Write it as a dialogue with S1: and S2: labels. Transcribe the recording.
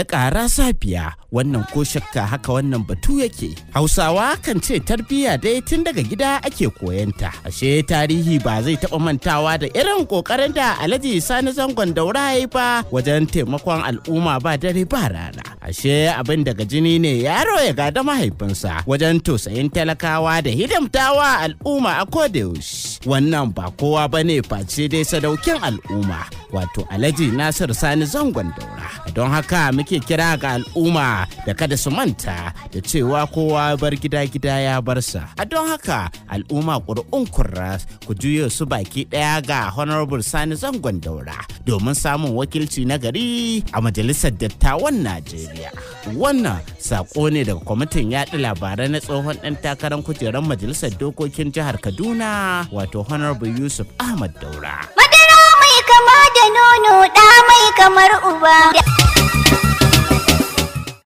S1: da ƙara safiya wannan ko shakka haka wannan batu yake hausawa kan ce tarbiyya dai tun daga gida ake koyanta ashe tarihi ba zai taɓa mantawa da irin ƙoƙarin da alhaji sani zangon daura ya ba wajen taimakon al'umma ba dare ba rana ashe abin daga jini ne yaro ya gada mahaifinsa wajen tausayin talakawa da hidimtawa al'umma a kodayaushe wannan ba kowa bane face dai sadaukin al'umma wato alhaji nasir sani zangon daura don haka muke kira ga al'umma da kada su manta da cewa kowa bar gida gida ya bar sa a don haka al'umma ƙuri'un kurra ku juyo su baki ɗaya ga honorable sani zangon daura domin samun wakilci na gari a majalisar dattawan najeriya wannan sako ne daga kwamitin yaɗa labarai na tsohon ɗan takarar kujerar majalisar dokokin jihar kaduna wato honorable yusuf ahmad daura
S2: madara mai kama nono ɗa mai kamar uba